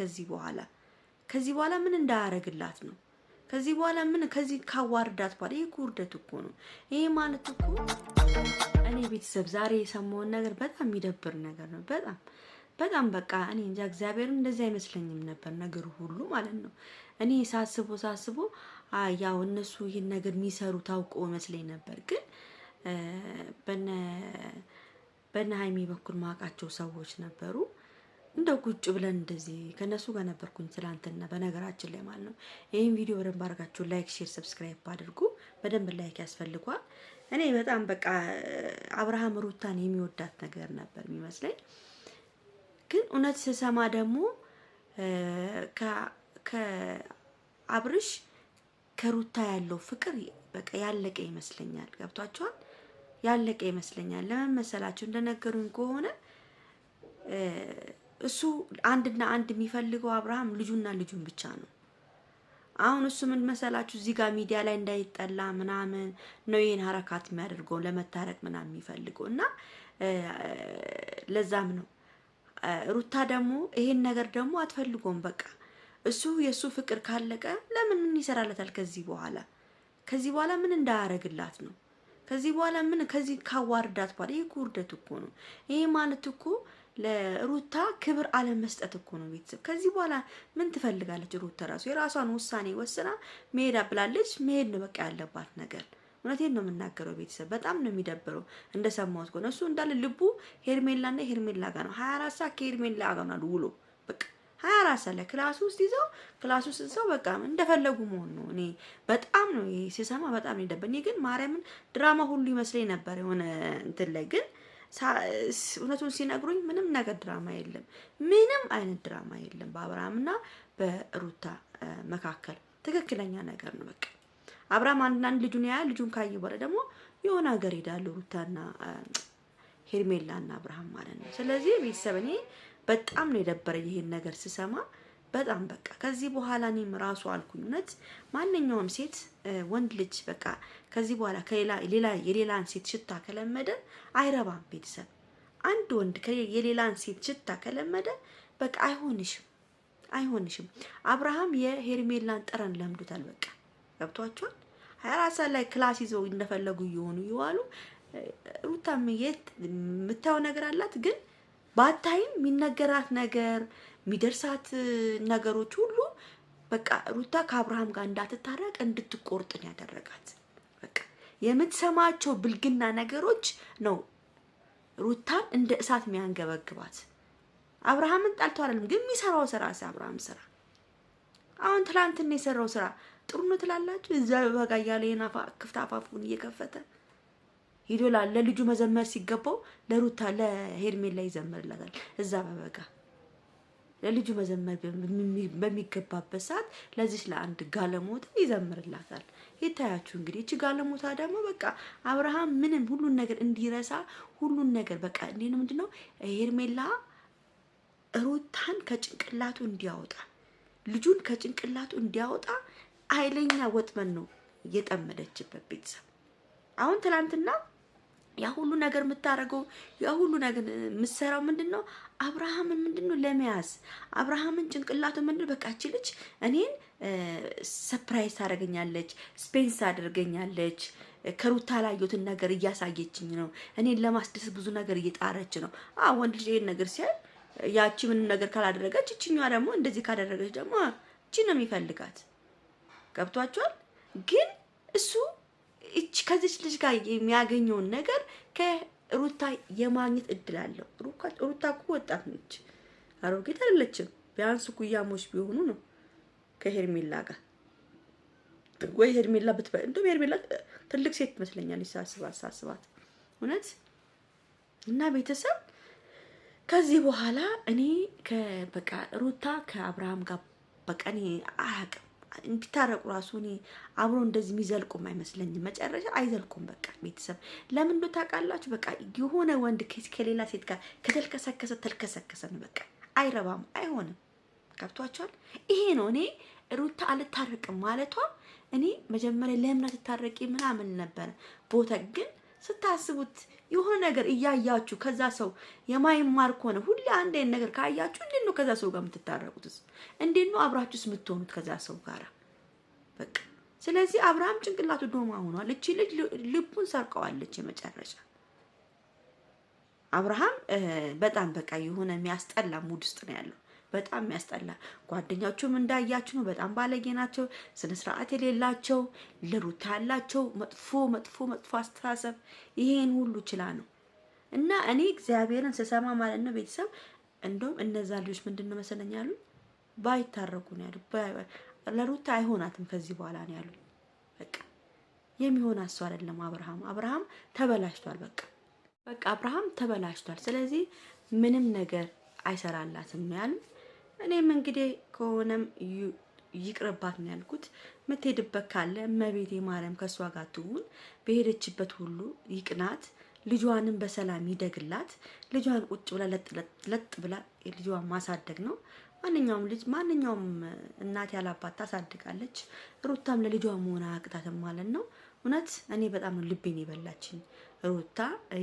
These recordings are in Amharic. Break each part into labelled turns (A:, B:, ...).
A: ከዚህ በኋላ ከዚህ በኋላ ምን እንዳያረግላት ነው? ከዚህ በኋላ ምን ከዚህ ካዋርዳት በኋላ ይህ ውርደት እኮ ነው። ይሄ ማለት እኮ እኔ ቤተሰብ ዛሬ የሰማውን ነገር በጣም የሚደብር ነገር ነው። በጣም በጣም በቃ እኔ እንጃ እግዚአብሔርን እንደዚህ አይመስለኝም ነበር ነገሩ ሁሉ ማለት ነው። እኔ ሳስቦ ሳስቦ ያው እነሱ ይህን ነገር የሚሰሩ ታውቆ መስለኝ ነበር፣ ግን በነ በነ ሀይሚ በኩል ማውቃቸው ሰዎች ነበሩ እንደው ቁጭ ብለን እንደዚህ ከነሱ ጋር ነበርኩኝ ትላንትና። በነገራችን ላይ ማለት ነው ይህን ቪዲዮ በደንብ አድርጋችሁ ላይክ፣ ሼር፣ ሰብስክራይብ አድርጉ። በደንብ ላይክ ያስፈልጓል። እኔ በጣም በቃ አብርሃም ሩታን የሚወዳት ነገር ነበር የሚመስለኝ፣ ግን እውነት ስሰማ ደግሞ ከአብርሽ ከሩታ ያለው ፍቅር በቃ ያለቀ ይመስለኛል። ገብቷቸዋል። ያለቀ ይመስለኛል። ለምን መሰላችሁ? እንደነገሩኝ ከሆነ እሱ አንድና አንድ የሚፈልገው አብርሃም ልጁና ልጁን ብቻ ነው። አሁን እሱ ምን መሰላችሁ እዚህ ጋር ሚዲያ ላይ እንዳይጠላ ምናምን ነው ይህን ሀረካት የሚያደርገው ለመታረቅ ምናምን የሚፈልገው እና ለዛም ነው ሩታ ደግሞ ይሄን ነገር ደግሞ አትፈልጎም። በቃ እሱ የእሱ ፍቅር ካለቀ ለምን ምን ይሰራለታል? ከዚህ በኋላ ከዚህ በኋላ ምን እንዳያረግላት ነው? ከዚህ በኋላ ምን ከዚህ ካዋርዳት በኋላ ይህ ውርደት እኮ ነው። ይሄ ማለት እኮ ለሩታ ክብር አለመስጠት እኮ ነው ቤተሰብ። ከዚህ በኋላ ምን ትፈልጋለች ሩታ? ራሱ የራሷን ውሳኔ ወስና መሄድ ብላለች። መሄድ ነው በቃ ያለባት ነገር። እውነቴን ነው የምናገረው ቤተሰብ። በጣም ነው የሚደብረው እንደሰማሁት ከሆነ እሱ እንዳለ ልቡ ሄርሜላና ሄርሜላ ጋር ነው። ሀያ አራት ሰዓት ከሄርሜላ ጋር ነው ውሎ በቃ ሀያ አራት ሰዓት ላይ ውስጥ ይዘው ክላሱ ውስጥ ይዘው በቃ እንደፈለጉ መሆን ነው። እኔ በጣም ነው ይሄ ሲሰማ በጣም ነው የደበረኝ። ግን ማርያምን ድራማ ሁሉ ይመስለኝ ነበር የሆነ እንትን ላይ ግን እውነቱን ሲነግሩኝ ምንም ነገር ድራማ የለም፣ ምንም አይነት ድራማ የለም በአብርሃምና በሩታ መካከል ትክክለኛ ነገር ነው። በቃ አብርሃም አንዳንድ ልጁን ያያል። ልጁን ካየ በኋላ ደግሞ የሆነ ሀገር ሄዳሉ ሩታና ሄርሜላና አብርሃም ማለት ነው። ስለዚህ ቤተሰብ እኔ በጣም ነው የደበረኝ ይሄን ነገር ስሰማ። በጣም በቃ ከዚህ በኋላ እኔም ራሱ አልኩኝ እውነት ማንኛውም ሴት ወንድ ልጅ በቃ ከዚህ በኋላ ከሌላ የሌላን ሴት ሽታ ከለመደ አይረባም። ቤተሰብ አንድ ወንድ የሌላን ሴት ሽታ ከለመደ በቃ አይሆንሽም፣ አይሆንሽም። አብርሃም የሄርሜላን ጠረን ለምዶታል። በቃ ገብቷቸዋል። ሀያ አራት ሰዓት ላይ ክላስ ይዘው እንደፈለጉ እየሆኑ እየዋሉ ሩታም የት የምታየው ነገር አላት ግን ባታይም የሚነገራት ነገር የሚደርሳት ነገሮች ሁሉ በቃ ሩታ ከአብርሃም ጋር እንዳትታረቅ እንድትቆርጥን ያደረጋት በቃ የምትሰማቸው ብልግና ነገሮች ነው ሩታን እንደ እሳት የሚያንገበግባት። አብርሃምን ጣልቶ አይደለም ግን የሚሰራው ስራ አብርሃም ስራ አሁን ትላንትና የሰራው ስራ ጥሩ ነው ትላላችሁ? እዛ በጋ እያለ ክፍት አፋፉን እየከፈተ ሄዶ ለልጁ መዘመር ሲገባው ለሩታ ለሄርሜላ ይዘምርላታል። እዛ በበጋ ለልጁ መዘመር በሚገባበት ሰዓት ለዚች ለአንድ ጋለሞታ ይዘምርላታል። የታያችሁ እንግዲህ እቺ ጋለሞታ ደግሞ በቃ አብርሃም ምንም ሁሉን ነገር እንዲረሳ ሁሉን ነገር በቃ እንዴ ነው ምንድነው ሄርሜላ ሩታን ከጭንቅላቱ እንዲያወጣ ልጁን ከጭንቅላቱ እንዲያወጣ ኃይለኛ ወጥመን ነው እየጠመደችበት ቤተሰብ አሁን ትላንትና ያ ሁሉ ነገር የምታደርገው ያ ሁሉ ነገር የምትሰራው ምንድን ነው? አብርሃምን ምንድን ነው ለመያዝ አብርሃምን ጭንቅላቱ ምንድን ነው? በቃ እቺ ልጅ እኔን ሰፕራይዝ ታደርገኛለች፣ ስፔንስ አድርገኛለች። ከሩታ ላየሁትን ነገር እያሳየችኝ ነው። እኔን ለማስደሰት ብዙ ነገር እየጣረች ነው። አዎ ወንድ ልጅ ይሄን ነገር ሲያይ ያቺ ምንም ነገር ካላደረገች እችኛዋ ደግሞ እንደዚህ ካደረገች ደግሞ እቺ ነው የሚፈልጋት። ገብቷቸዋል ግን እሱ እች ከዚች ልጅ ጋር የሚያገኘውን ነገር ከሩታ የማግኘት እድል አለው። ሩታ እኮ ወጣት ነች፣ አሮጌት አይደለችም። ቢያንስ ኩያሞች ቢሆኑ ነው ከሄርሜላ ጋር ወይ ሄርሜላ ብትበ እንደውም ሄርሜላ ትልቅ ሴት ትመስለኛል። ሳስባት ሳስባት እውነት እና ቤተሰብ ከዚህ በኋላ እኔ በቃ ሩታ ከአብርሃም ጋር በቃ እኔ አያውቅም ቢታረቁ ራሱ እኔ አብሮ እንደዚህ የሚዘልቁም አይመስለኝም። መጨረሻ አይዘልቁም። በቃ ቤተሰብ ለምን ዶ ታውቃላችሁ? በቃ የሆነ ወንድ ከሌላ ሴት ጋር ከተልከሰከሰ ተልከሰከሰ ነው። በቃ አይረባም፣ አይሆንም። ገብቷቸዋል። ይሄ ነው እኔ ሩታ አልታረቅም ማለቷ። እኔ መጀመሪያ ለምን አትታረቂ ምናምን ነበረ ቦታ ግን ስታስቡት የሆነ ነገር እያያችሁ ከዛ ሰው የማይማር ከሆነ ሁሌ አንድ አይነት ነገር ካያችሁ እንዴት ነው ከዛ ሰው ጋር የምትታረቁትስ? እንዴት ነው አብራችሁስ የምትሆኑት ከዛ ሰው ጋር? በቃ ስለዚህ አብርሃም ጭንቅላቱ ዶማ ሆኗል። እቺ ልጅ ልቡን ሰርቀዋለች። የመጨረሻ አብርሃም በጣም በቃ የሆነ የሚያስጠላ ሙድ ውስጥ ነው ያለው። በጣም ያስጠላ። ጓደኛችሁም እንዳያችሁ ነው። በጣም ባለጌ ናቸው፣ ስነ ስርዓት የሌላቸው ለሩታ ያላቸው መጥፎ መጥፎ መጥፎ አስተሳሰብ ይሄን ሁሉ ችላ ነው እና እኔ እግዚአብሔርን ስሰማ ማለት ነው ቤተሰብ እንደውም እነዛ ልጆች ምንድን ነው መሰለኝ ያሉ ባይታረቁ ነው ያሉ። ለሩታ አይሆናትም ከዚህ በኋላ ነው ያሉ። በቃ የሚሆን ሰው አይደለም አብርሃም። አብርሃም ተበላሽቷል። በቃ በቃ አብርሃም ተበላሽቷል። ስለዚህ ምንም ነገር አይሰራላትም ያሉ። እኔም እንግዲህ ከሆነም ይቅርባት ነው ያልኩት። የምትሄድበት ካለ እመቤቴ ማርያም ከእሷ ጋር ትሁን፣ በሄደችበት ሁሉ ይቅናት፣ ልጇንም በሰላም ይደግላት። ልጇን ቁጭ ብላ ለጥ ብላ ልጇን ማሳደግ ነው። ማንኛውም ልጅ ማንኛውም እናት ያላባት ታሳድጋለች። ሩታም ለልጇ መሆን አያቅታትም ማለት ነው። እውነት እኔ በጣም ልቤን የበላችኝ ሩታ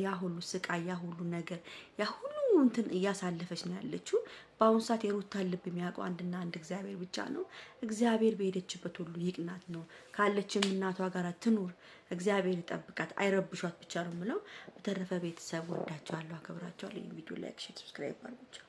A: ያ ሁሉ ስቃይ ያ ሁሉ ነገር ያ ሁሉ እንትን እያሳለፈች ነው ያለችው። በአሁኑ ሰዓት የሩታ ልብ የሚያውቀው አንድና አንድ እግዚአብሔር ብቻ ነው። እግዚአብሔር በሄደችበት ሁሉ ይቅናት ነው ካለችም እናቷ ጋር ትኑር። እግዚአብሔር ይጠብቃት፣ አይረብሿት ብቻ ነው የምለው። በተረፈ ቤተሰብ ወዳቸዋለሁ፣ አከብራቸዋለሁ። ቪዲዮ ላይክ፣ ሼር፣ ሰብስክራይብ አድርጉ።